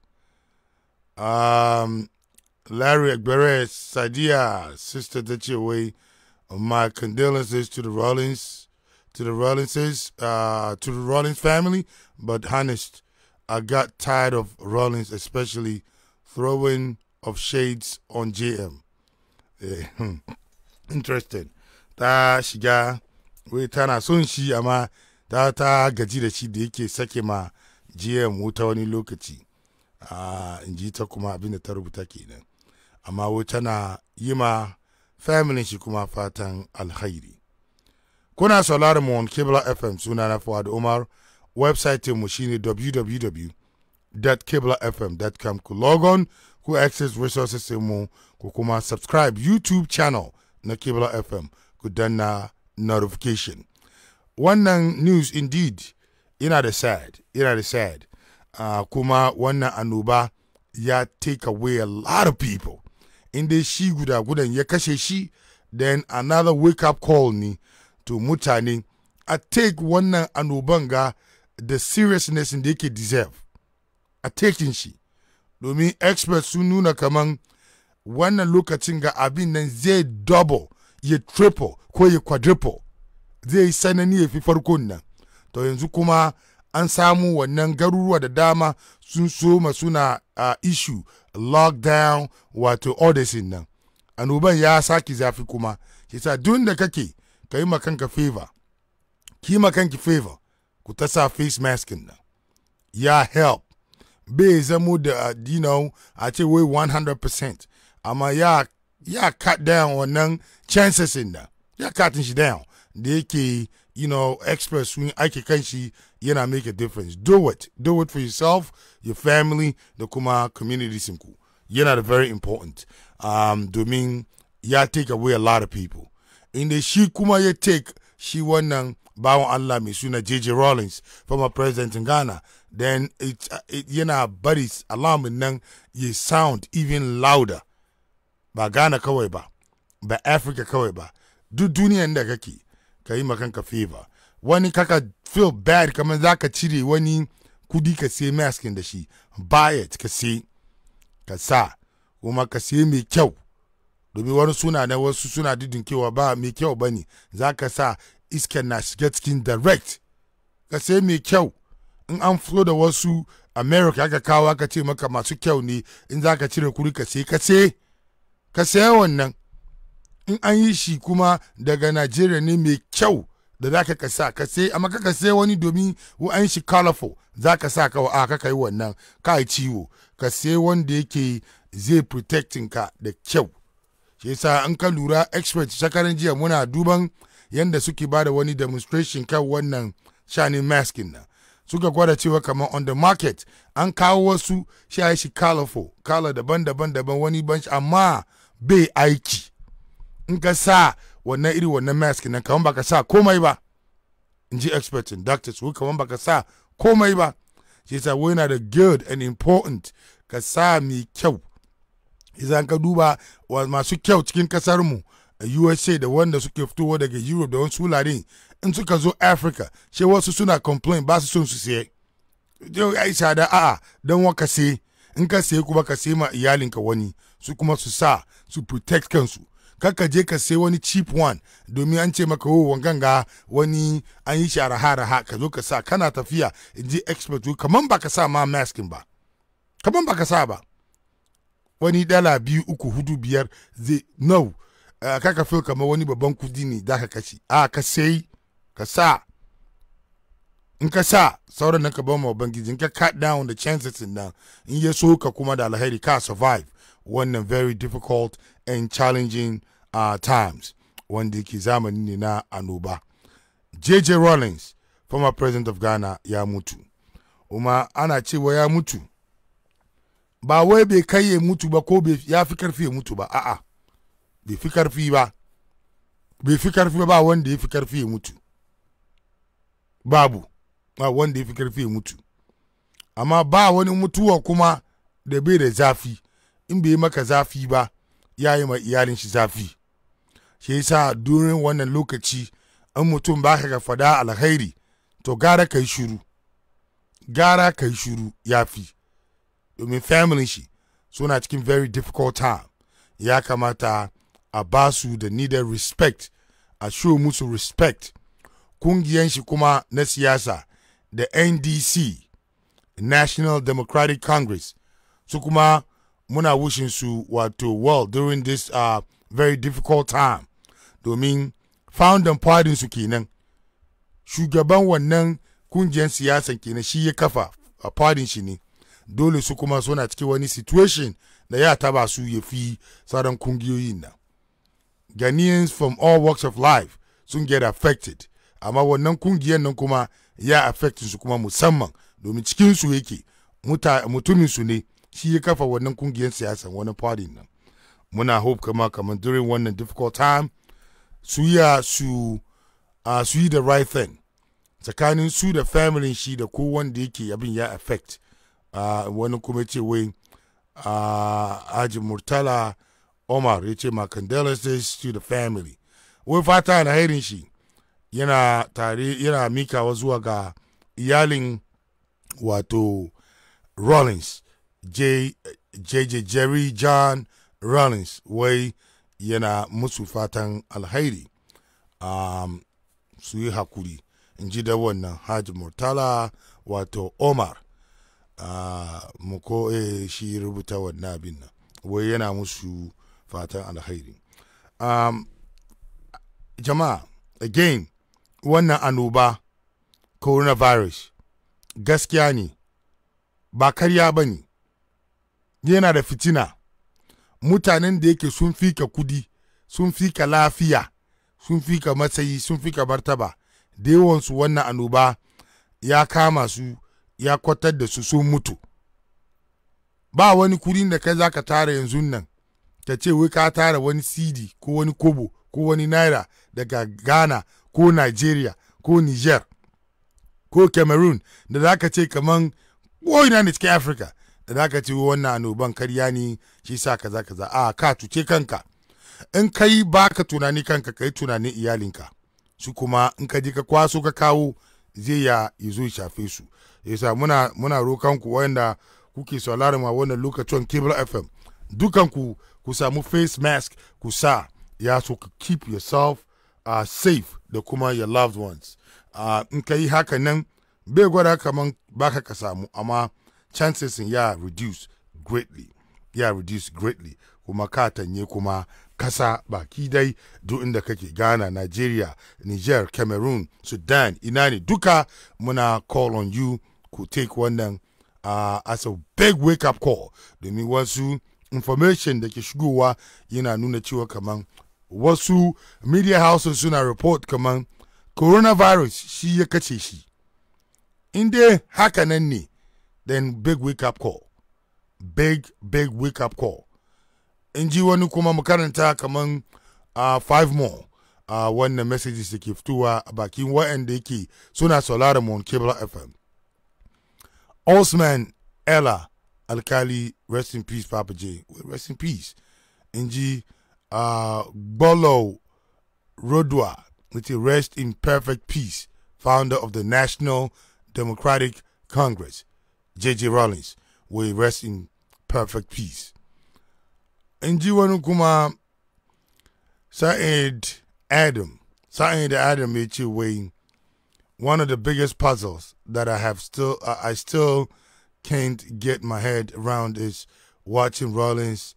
Um, Larry Akbere Sadia, sister stretch away. My condolences to the Rollins, to the Rollinses, uh, to the Rollins family. But honest, I got tired of Rollins, especially throwing of shades on JM. Yeah. Hmm. interesting ta shiga wai tana son shi amma ta ta gaji da shi da yake sake ma gm wuta wani lokaci a ji ta kuma abinda ta rubuta kenan amma wai tana yi ma familin shi kuma fatan alhairi kuna sauraron mu kebla fm suna na fawad umar website mu shine www.kiblafm.com ku log on ku access resources mu ku kuma subscribe youtube channel na Kibla FM ku danna notification. Wannan news indeed yana da sad, yana da sad. Uh, kuma wannan annoba ya take away a lot of people. In dai shi guda gudan ya kashe shi, then another wake up call ne to mutane a take wannan annoban ga the seriousness da yake deserve. A taking shi. Domin experts sun nuna kaman wannan lokacin ga abin nan zai double ya triple ko ya quadruple zai yi sanani ya fi farkon nan to yanzu kuma an samu wannan garuruwa da dama sun soma suna uh, issue lockdown wato odyssey nan annoban ya saki zafi kuma yasa duk da kake ka yi makanka favor ki makanki favor ku ta sa face mask nan ya help bai zamo da uh, you know, a ce wai 100% amma ya cut down wannan chances da ya cut shi down da yake you know experts sun ake kan shi yana make a difference do it do it for yourself your family da kuma community ku yana da very important um, domin ya take away a lot of people inda shi kuma ya take shi wannan bawan Allah mai suna JJ Rawlings former president in Ghana then it, uh, it yana bari alamun nan ya sound even louder ba Ghana kawai ba ba Africa kawai ba duk duniyan da kake ka yi makanka favor wani kaka feel bad kamar zaka cire wani kudi ka sai maskin da shi buy it ka sai ka sa kuma ka sai mai kyau domin wani suna na wasu suna didin kewa ba mai kyau bane ne za ka sa iskan na shiga cikin direct ka sai mai kyau in an fito da wasu america aka kawo aka ce maka masu kyau ne in zaka cire kuri ka sai ka sai ka saya wannan in an yi shi kuma daga Najeriya ne mai kyau da za ka sa ka sai amma ka sai wani domin an shi colorful za ka sa ka a ka kai wannan ka yi ciwo ka sai wanda yake zai protecting ka da kyau shi yasa an ka lura expert shakaran jiya muna duban yanda suke da wani demonstration kan wannan shanin masking nan suka gwada cewa kamar on the market an kawo wasu shi a shi colorful color daban-daban daban wani bunch amma bai aiki in ka sa wannan iri wannan mask nan kamar baka sa komai ba in ji experts in doctors wai kamar baka sa komai ba shi yasa wai na da good and important ka sa mai kyau idan ka duba masu kyau cikin kasar mu a USA da wanda suke fitowa daga Europe da wasu wurare in suka zo Africa sai wasu suna complain ba su son su siye yau ya isa da a'a don waka sai in ka sayi kuma ka sai ma iyalinka wani su kuma su sa su protect kansu kakka je ka sai wani cheap one domin an ce maka oh ganga wani an yi shi araha araha ka zo ka sa kana tafiya in ji expert kaman baka sa ma maskin ba kaman baka sa ba wani dala biyu uku hudu biyar zai no uh, eh, kaka feel kamar wani babban kudi ne da ka kashi a ka sai ka sa in ka sa sauran nan ka ba ma ubangiji in ka cut down the chances in nan in ya so ka kuma da alheri ka survive wannan very difficult and challenging uh, times wanda ke zamani ne na annoba jj rawlings former president of ghana ya mutu kuma ana cewa ya mutu ba wai bai kai ya mutu ba ko ya fi karfi ya mutu ba a'a bai fi karfi ba bai fi karfi ba ba wanda ya fi karfi ya mutu babu ba wanda ya fi karfi ya mutu amma ba wani mutuwa kuma da bai da zafi in bai maka zafi ba ya yi ma iyalin shi zafi shi yasa durin wannan lokaci an mutum ba ka fada alkhairi to gara kai shuru gara kai shuru ya fi domin family shi suna cikin very difficult time ya kamata a ba su da needed respect a show musu respect kungiyan shi kuma na siyasa da ndc national democratic congress su kuma muna wishing su wato well during this uh, very difficult time domin foundan party su kenan shugaban wannan kungiyar siyasan kenan shi ya kafa a fadin shi ne dole su kuma suna cikin wani situation da ya taba su ya fi sauran kungiyoyin nan ghanaians from all walks of life sun get affected amma wannan kungiyar nan kuma ya affect su kuma musamman domin cikinsu yake mutumin su ne shi ya kafa wannan kungiyar siyasa wani party nan muna hope kama kamar during wannan difficult time su ya su uh, su yi the right thing tsakanin su da family shi da ko wanda yake abin ya affect uh, wani kuma ce wai uh, Haji Murtala Omar ya ce my condolences to the family wai fata alherin shi yana tare yana mikawa zuwa ga iyalin wato Rawlings J. J. Jerry John Rollins wai yana musu fatan alhairi um, su yi hakuri in ji da wannan hajj Murtala wato Omar uh, ko eh, shi rubuta wannan abin nan wai yana musu fatan alhairi um, jama'a again wannan annoba coronavirus gaskiya ne ba karya ba ne yana da fitina mutanen da yake sun fi ka kudi sun fi ka lafiya sun fi ka matsayi sun fi ka martaba da yawansu wannan annoba ya kama su ya kwatar da su sun mutu ba wani kudin da kai za ka tara yanzu nan ka ce wai ka tara wani cd ko wani kobo ko wani naira daga ghana ko nigeria ko niger ko cameroon da za ka ce kaman ko ina ne cikin africa za ka ci wannan annoban karya ne shi sa kaza kaza a ka tuce kanka in kai ba ka tunani kanka kai tunanin iyalinka su kuma in ka ji ka kwaso ka kawo zai ya zo shafe su yasa muna muna rokan ku wanda kuke sauraron ma wannan lokacin cable fm dukanku ku samu face mask ku sa ya so ku keep yourself uh, safe da kuma your loved ones ah, in ka yi haka nan bai gwada kaman baka ka samu amma chances ya reduce greatly ya reduce greatly kuma ka tanye kuma kasa baki dai duk inda kake ghana nigeria niger cameroon sudan ina ne duka muna call on you ku take wannan uh, as a big wake up call domin wasu information da ke shigowa yana nuna cewa kaman wasu media houses suna report kaman coronavirus shi ya kace shi in hakanan ne then big wake up call big big wake up call in ji wani kuma makaranta kaman uh, five more uh, wannan messages da ke fitowa a bakin waɗanda yake suna sauraron mon cable fm osman ella alkali rest in peace papa j rest in peace in ji uh, ah, bolo rodwa with a rest in perfect peace founder of the national democratic congress J.J. Rollins will rest in perfect peace. Nji wani kuma Sa'id Adam, Sa'id Adam ya one of the biggest puzzles that I have still, I still can't get my head around is watching Rollins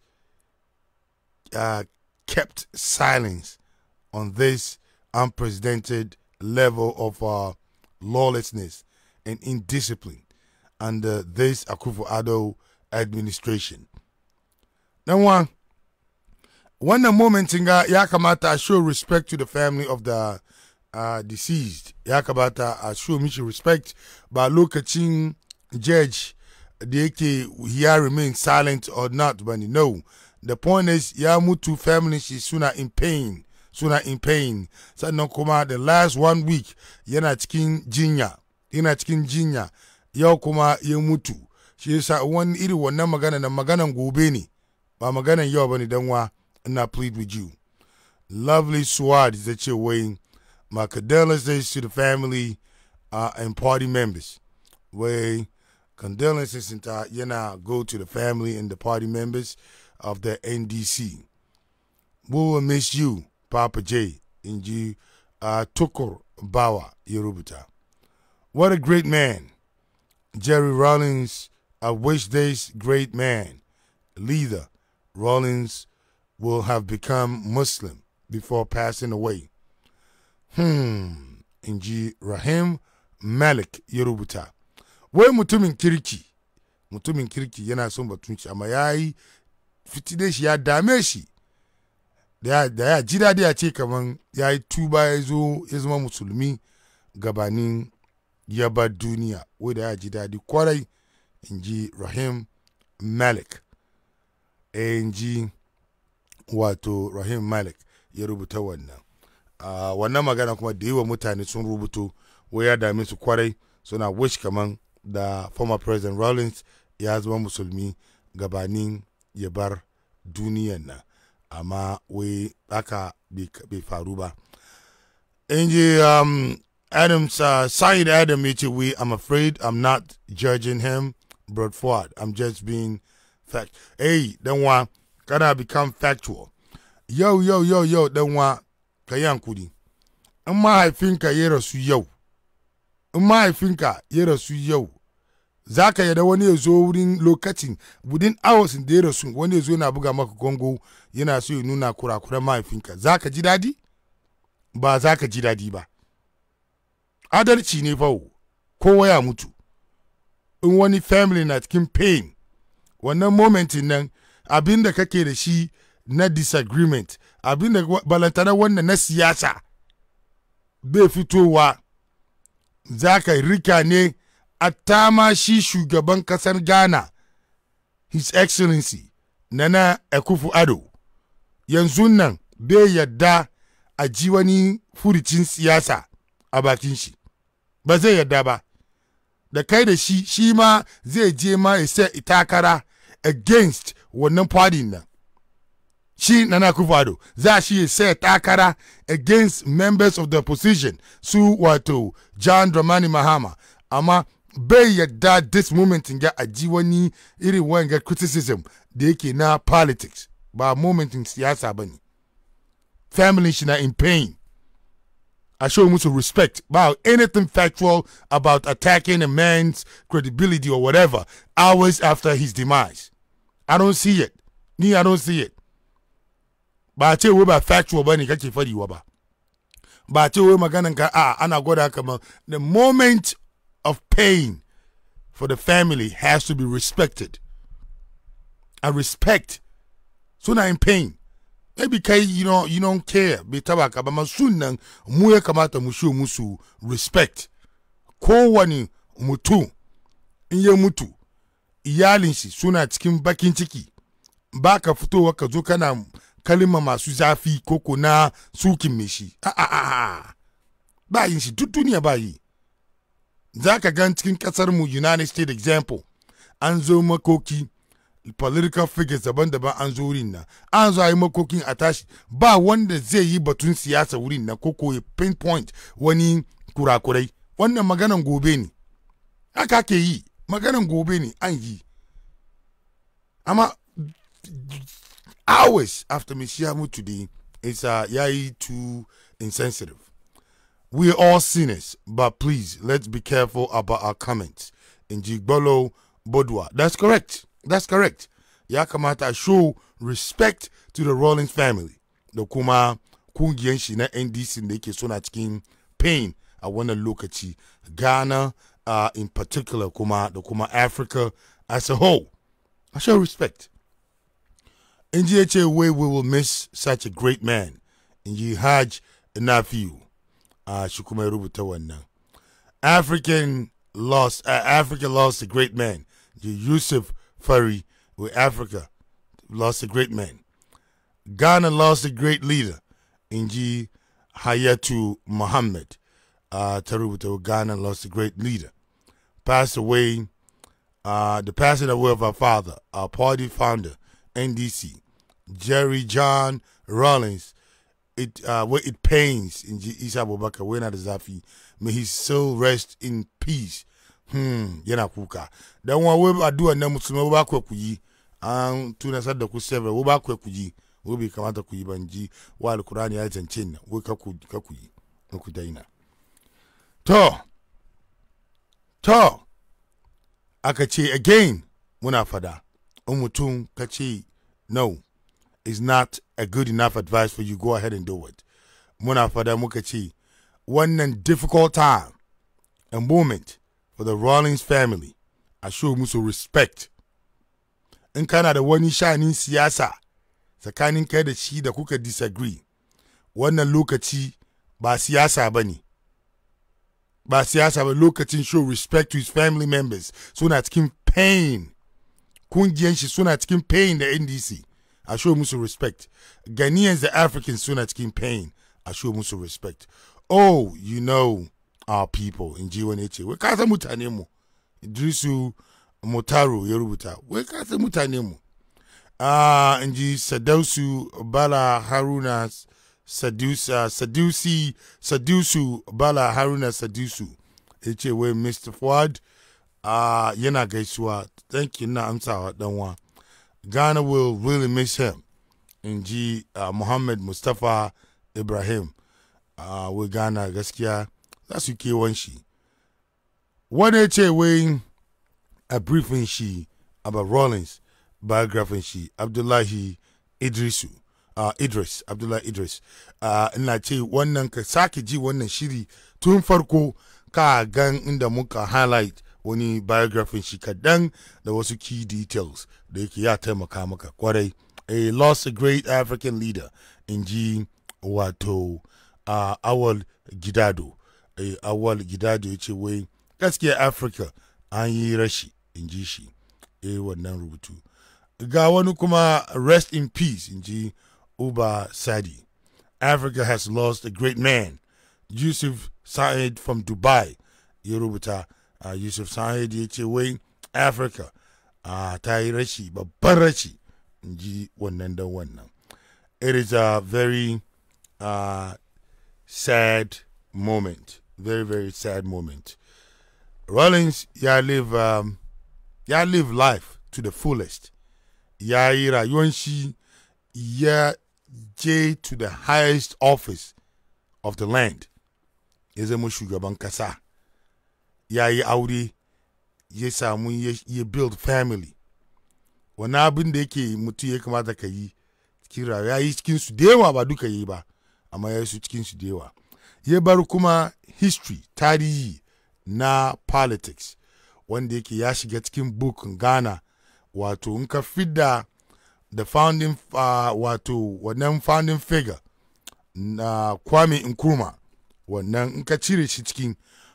uh, kept silence on this unprecedented level of uh, lawlessness and indiscipline. under this Akufo-Addo administration. Number one, wannan momentin ga ya kamata a show respect to the family of the uh, deceased ya kamata uh, a show mishi respect ba lokacin judge da yake ya remain silent or not bane no the point is ya mutu family shi suna in pain suna in pain sannan kuma the last one week yana jinya yana cikin jinya yau kuma ya mutu shi yasa wani iri wannan magana na maganan gobe ne ba maganan yau bane dan ina plead with you lovely swad da ce wai my condolences to the family uh, and party members wai condolences ta yana go to the family and the party members of the NDC we will miss you Papa J in ji uh, Tukur Bawa ya what a great man Jerry Rawlings, I wish this great man, leader, Rawlings will have become Muslim before passing away. Hmm. Inji Rahim Malik Yorubuta. we mutumin kiriki, mutumin kiriki yana son batun shi, amma ya yi ya dame shi. Da ya ji daɗi a ce kamar ya yi tuba ya zo musulmi gabanin ya bar duniya wadda ya ji daɗi kwarai in ji rahim malik eh, in ji wato rahim malik ya rubuta wannan uh, wannan magana kuma da yi wa mutane sun rubuto wa ya dame su kwarai suna wish kaman da former president rawlings ya zama musulmi gabanin ya bar duniyan nan amma wai haka bai faru ba in ji um, Adams, uh, Saeed Adam we I'm afraid I'm not judging him, brought forward. I'm just being fact. Hey, then why? Can I become factual? Yo, yo, yo, yo, then why? Kayan kudi. In mahaifinka ya rasu yau, in mahaifinka ya rasu yau, za ka yada wani ya zo wurin lokacin within hours da ya rasu wani ya zo yana buga maka gongo yana so ya nuna kurakuran mahaifinka za ji dadi ba za ka ji dadi ba adalci ne fawo kowa ya mutu in wani family na cikin pain wannan momentin nan abin da kake da shi na disagreement abin da balantana wannan na siyasa bai fitowa za ka rika ne a shi shugaban kasar ghana his excellency nana ekufu ado yanzu nan bai yadda a ji wani furicin siyasa a bakin shi ba zai yarda ba da kai da shi shi ma zai je ma ya sa takara against wannan party nan shi nana kufado za shi ya sa takara against members of the opposition su wato john dramani mahama amma bai yarda this moment ga aji wani irin wanga criticism da yake na politics ba momentin siyasa ba ne family shi na in pain I show him some respect about anything factual about attacking a man's credibility or whatever hours after his demise. I don't see it. Me, I don't see it. Ba ce wai ba factual bane kake fadi wa ba. Ba ce wai maganan ka a ana gwada the moment of pain for the family has to be respected. I respect. Suna in pain. maybe kai you know you don't care bai taba ka ba masun mu ya kamata mu show musu respect kowane mutum in ya mutu iyalin shi suna cikin bakin ciki ba ka fitowa ka zo kana kalima masu zafi koko na sukin mai shi a a a ba yin shi duk duniya ba yi za ka gan cikin kasar mu united states example an zo makoki political figures daban-daban an zo wurin nan an zo a yi makokin a tashi ba wanda zai yi batun siyasa wurin nan ko koyi pinpoint wani kurakurai wannan maganan gobe ne haka ke yi maganan gobe ne an yi amma hours after Messiah today is uh, yai too insensitive. We are all sinners, but please let's be careful about our comments. In Jigbolo Bodwa. That's correct. That's correct. Ya kamata a show respect to the Rawlings family da kuma kungiyan shi na NDC da yake suna cikin pain a wannan lokaci Ghana uh, in particular kuma da kuma Africa as a whole. I show respect. In GHA way we will miss such a great man. In Jihaj Nafiu. Uh, shi kuma ya rubuta wannan. African lost uh, Africa lost a great man. Yusuf Ferry with Africa. Lost a great man. Ghana lost a great leader, Nji Hayatu Muhammad. Uh, ah, Tarubuto, Ghana lost a great leader. Passed away, uh, the passing away of our father, our party founder, NDC, Jerry John Rawlings. It uh, it pains in Isa Bobaka, when Zafi. May his soul rest in peace. hmm yana kuka dan wa wai addu'a na musulmai ba ku ku yi an tunasar da ku sai ba ba ku ku yi wai bai kamata ku yi ji wa alkurani ya zance ni wai ka ku ka ku yi ku daina to to aka ce again muna fada in mutum ka ce no is not a good enough advice for you go ahead and do it muna fada muka ce wannan difficult time and moment for the Rawlings family a show musu respect in kana da wani shanin siyasa tsakanin kai da shi da kuka disagree wannan lokaci ba siyasa ba ne ba siyasa ba lokacin show respect to his family members suna cikin pain kungiyan shi suna cikin pain da ndc a show musu respect ghanaians da africans suna cikin pain a show musu respect oh you know our people in ya mutane mu idrisu ya rubuta wai ka mutane mu ah, in ji bala haruna sadusa sadusi sadusu bala haruna sadusu mr ford ah, yana gaisuwa thank you na amsawa danwa ghana will really miss him in ji uh, muhammad ibrahim uh, ghana gaskiya za su kewan shi wani ce wai a briefin shi about rollins biographin shi abdullahi idrisu uh, idris abdullahi idris uh, ce wannan ka sake ji wannan shiri tun farko ka gan inda muka highlight wani biographin shi kaɗan da wasu key details da yake ya taimaka maka kwarai a lost a great african leader in ji wato uh, awal gidado Eh, awal da ya ce wai gaskiya afirka an yi rashi in ji shi e wannan rubutu ga wani kuma rest in peace in ji uba sadi africa has lost a great man yusuf sa'id from dubai ya rubuta uh, yusuf sa'id ya ce wai africa uh, ah, ta yi rashi babban rashi in ji wannan dan wannan it is a very uh, sad moment very very sad moment. Rollins ya live um, ya live life to the fullest. Ya yi rayuwan shi ya je to the highest office of the land. Ya zama shugaban kasa. Ya yi aure ya samu ya build family. Wani abin da yake mutu ya kamata ka yi cikin rayuwa ya yi cikin su da yawa ba duka yi ba amma ya su cikin su da yawa. Ya bar kuma history tarihi na politics wanda yake ya shiga cikin book ghana wato in ka fidda the founding uh, wato wannan founding figure na kwame nkrumah wannan in ka cire shi cikin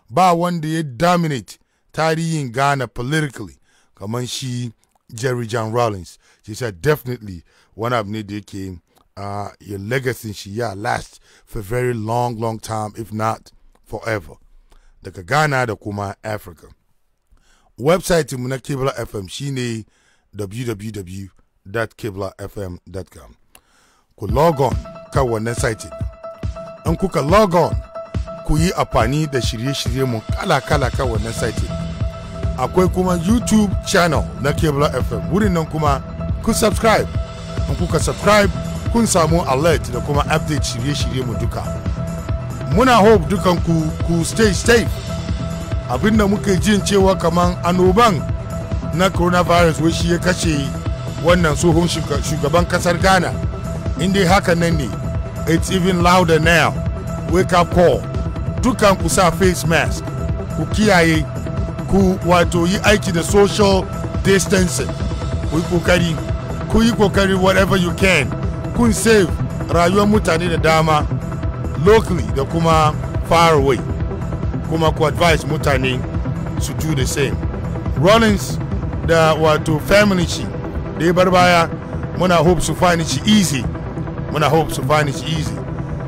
ba wanda ya dominate tarihin ghana politically kamar shi jerry john rawlings shi sa definitely wani of ne da yake uh, your legacy shi ya last for very long long time if not forever daga ghana da kuma africa website mu na kibla fm shine www.kiblafm.com ku log on kan wannan site in kuka log on ku yi amfani da shirye-shirye mu kala-kala kan wannan site akwai kuma youtube channel na kibla fm wurin nan kuma ku subscribe in kuka subscribe kun samu alert da kuma update shirye-shirye mu duka muna hope dukan ku ku stay safe abinda muke jin cewa kaman annoban na coronavirus wai shi ya kashe wannan tsohon shugaban kasar ghana inda haka nan ne it's even louder now wake up call dukan ku sa face mask ku kiyaye ku wato yi aiki da social distancing ku yi kokari ku yi kokari whatever you can kun save rayuwar mutane da dama locally da kuma far away kuma ku advise mutane su do the same Rollins da wato family shi da ya bar baya muna hope su find shi easy muna hope su find shi easy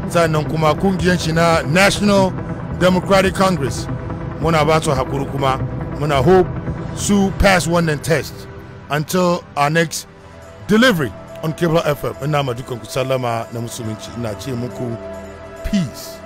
sannan kuma kungiyar shi na national democratic congress muna ba su hakuri kuma muna hope su pass wannan test until our next delivery on cable fm ina madukan ku sallama na musulunci ina ce muku Peace.